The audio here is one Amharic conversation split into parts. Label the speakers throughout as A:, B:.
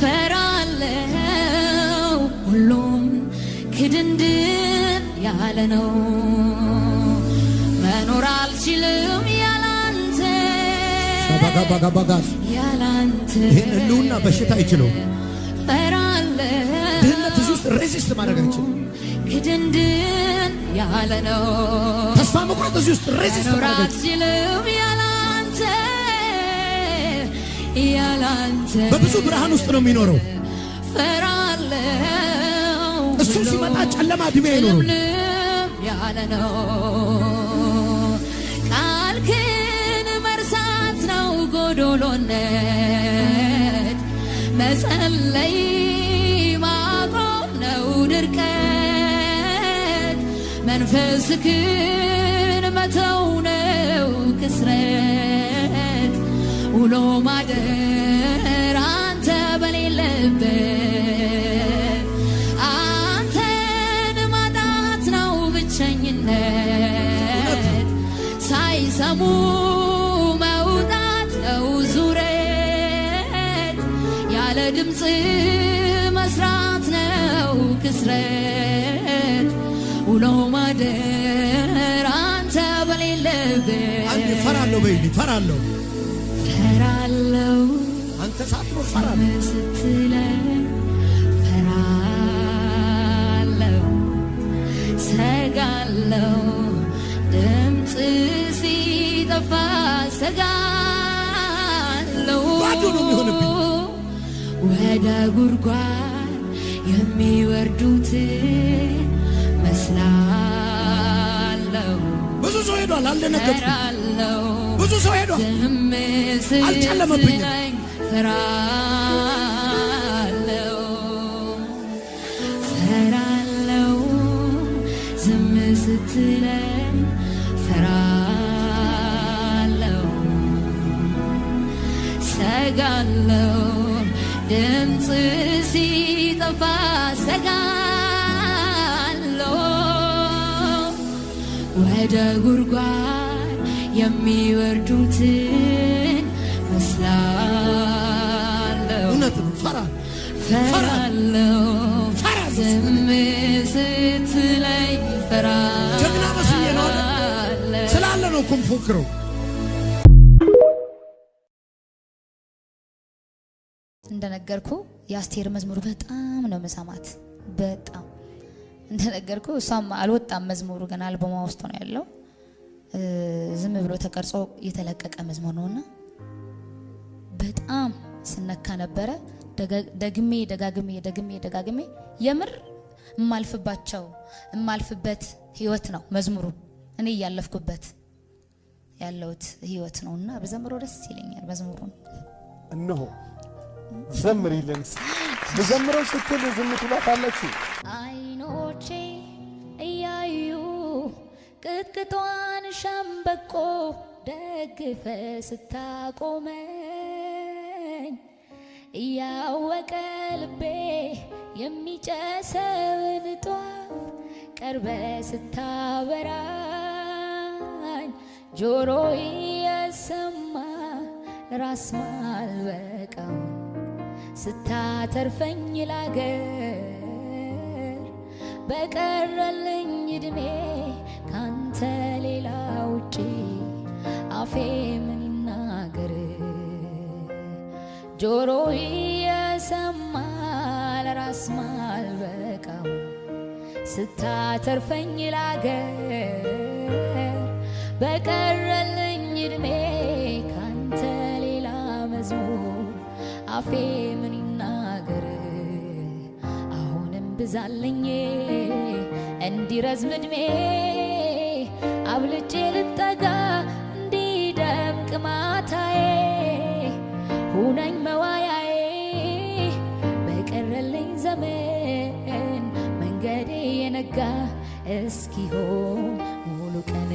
A: ፈራለው ሁሉም ክድንድን ያለ ነው። መኖር አልችልም ያላንተ ያላንተ ይህን ህልውና በሽታ አይችለውም። ድህነት እዚህ ውስጥ ሬዚስት ማድረግ አይችልም። ክድንድን ያለ ነው። ተስፋ መቁረጥ እዚህ ውስጥ ሬዚስት ማድረግ በብዙ ብርሃን ውስጥ ነው የሚኖረው። እሱ ሲመጣ
B: ጨለማ ድሜ አይኖርም
A: ያለ ነው። ቃልክን መርሳት ነው ጎዶሎነት፣ መጸለይ ማቆም ነው ድርቀት፣ መንፈስክን መተው ነው ክስረት ውሎ ማደር አንተ በሌለበት አንተን ማጣት ነው ብቸኝነት ሳይሰሙ መውጣት ነው ዙረት ያለ ድምፅ መስራት ነው ክስረት ውሎ ማደር አንተ በሌለበት ፈራለሁ በይ ፈራለሁ ፈራለው አንተ ሳትሮ ስትለ ፈራለው ሰጋለው ድምፅ ሲጠፋ ሰጋለው ወደ ጉድጓድ የሚወርዱት መስላለው ብዙ ሰው ሄዷል አልደነገጥኩም ብዙ ሰው ሄዶ አልጨለመብኝም። ፈራለው ፈራለው ዝም ድምፅ ሲጠፋ ሰጋለው ወደ ጉርጓ የሚወርዱትን መስላለሁ። ፈራለሁ። ዝም ስትለኝ ፈራ
B: ስላለ ነው እኮ
A: እንደነገርኩ የአስቴር መዝሙር በጣም ነው መሳማት በጣም እንደነገርኩ እሷም አልወጣም መዝሙሩ ገና አልበማ ውስጥ ነው ያለው። ዝም ብሎ ተቀርጾ የተለቀቀ መዝሙር ነውና በጣም ስነካ ነበረ። ደግሜ ደጋግሜ ደግሜ ደጋግሜ የምር ማልፍባቸው የማልፍበት ህይወት ነው መዝሙሩ እኔ እያለፍኩበት ያለውት ህይወት ነውና በዘምሮ ደስ ይለኛል። መዝሙሩን እነሆ ዘምሪልን። በዘምሮ ስትል ዝም ትላታለች አይኖቼ ቅጥቅጧን ሸምበቆ ደግፈ ስታቆመኝ እያወቀ ልቤ የሚጨሰውን ጧፍ ቀርበ ስታበራኝ ጆሮ እየሰማ ራስ ማልበቃው ስታተርፈኝ ላገር በቀረልኝ እድሜ ካንተ ሌላ ውጪ አፌ ምን ይናገር? ጆሮዬ የሰማ ለራስ ማልበቃው ስታተርፈኝ ላገር በቀረልኝ እድሜ ካንተ ሌላ መዝሙር አፌ ምን ይናገር? አሁንም ብዛልኝ እንዲረዝም እድሜ አብልጬ ልጠጋ እንዲደምቅ ማታዬ ሁነኝ መዋያዬ በቀረልኝ ዘመን መንገዴ የነጋ እስኪሆን ሙሉ ቀን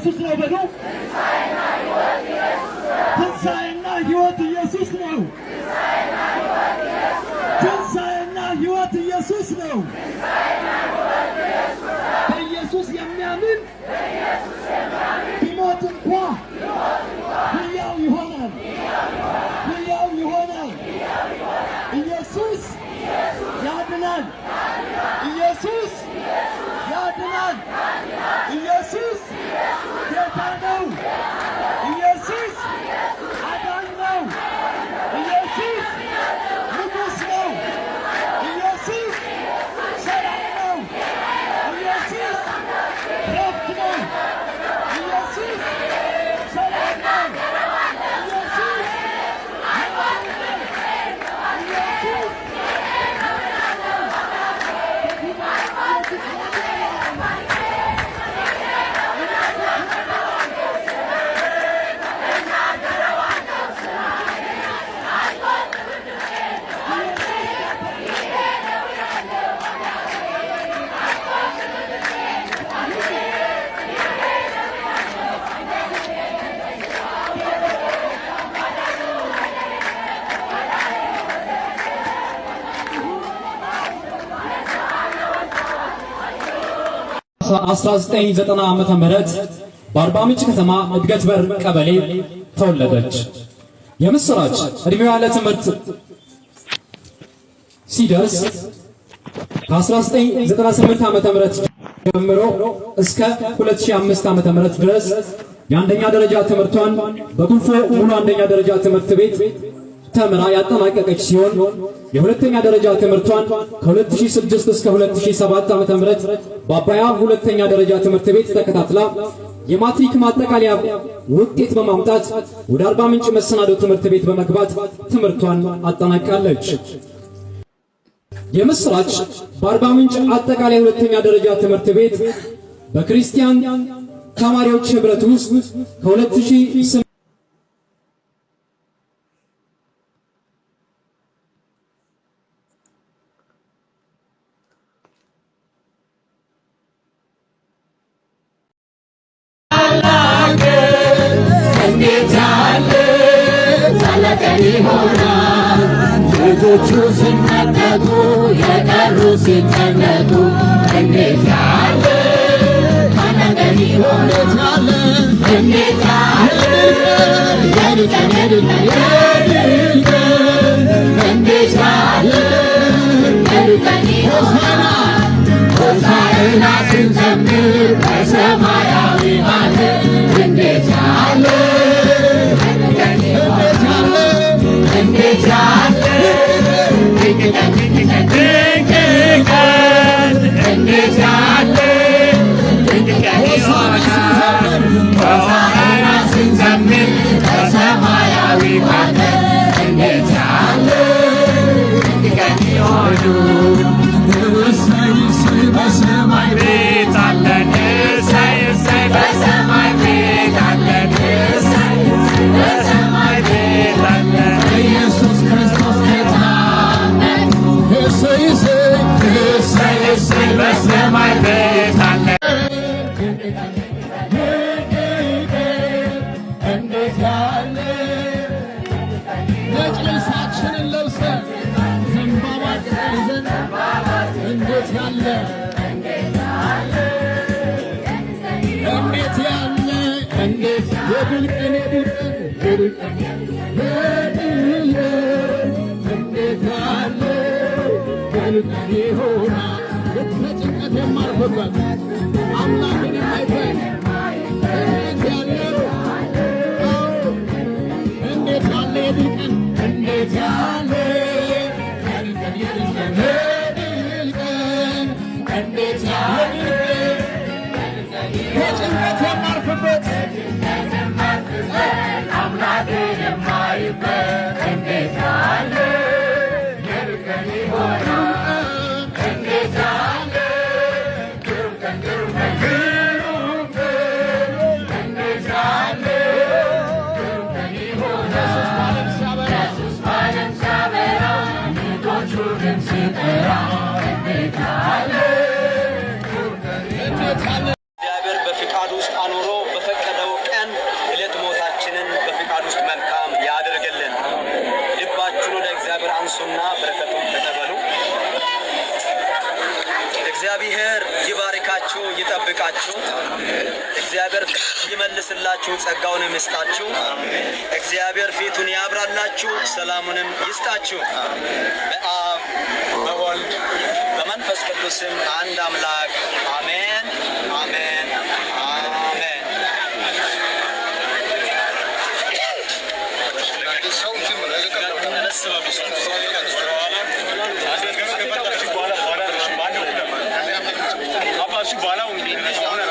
B: ኢየሱስ ነው በሉ። ትንሣኤና ሕይወት ኢየሱስ ነው።
A: በ1990 ዓ ም በአርባ ምንጭ ከተማ እድገት በር ቀበሌ ተወለደች። የምስራች እድሜዋ ለትምህርት ሲደርስ ከ1998 ዓም ጀምሮ እስከ 2005 ዓ ድረስ የአንደኛ ደረጃ ትምህርቷን በጉልፎ ሙሉ አንደኛ ደረጃ ትምህርት ቤት ተምራ ያጠናቀቀች ሲሆን የሁለተኛ ደረጃ ትምህርቷን ከ2006 እስከ 2007 ዓ.ም በአባያ ሁለተኛ ደረጃ ትምህርት ቤት ተከታትላ የማትሪክ ማጠቃለያ ውጤት በማምጣት ወደ አርባ ምንጭ መሰናዶ ትምህርት ቤት በመግባት ትምህርቷን አጠናቃለች። የምስራች በአርባ ምንጭ አጠቃላይ ሁለተኛ ደረጃ ትምህርት ቤት
B: በክርስቲያን ተማሪዎች ህብረት ውስጥ ከ2008 ይሆናል። ልጆቹ ሲመረቁ የቀሩ ሲጨነቁ እንዴት ያለ ማናገር ይሆናል። እንዴት ያለ የድቀን የድቀን በልጠኔ ሆና ልትመጭቀት የማርፈበት አምላክን የማይፈን እንዴት ያለ
A: ያብቃችሁ። እግዚአብሔር ይመልስላችሁ፣ ጸጋውንም ይስጣችሁ። እግዚአብሔር ፊቱን ያብራላችሁ፣ ሰላሙንም ይስጣችሁ። በአብ
B: በወልድ በመንፈስ ቅዱስም አንድ አምላክ አሜን፣ አሜን፣ አሜን። ሰው በኋላ እንግዲህ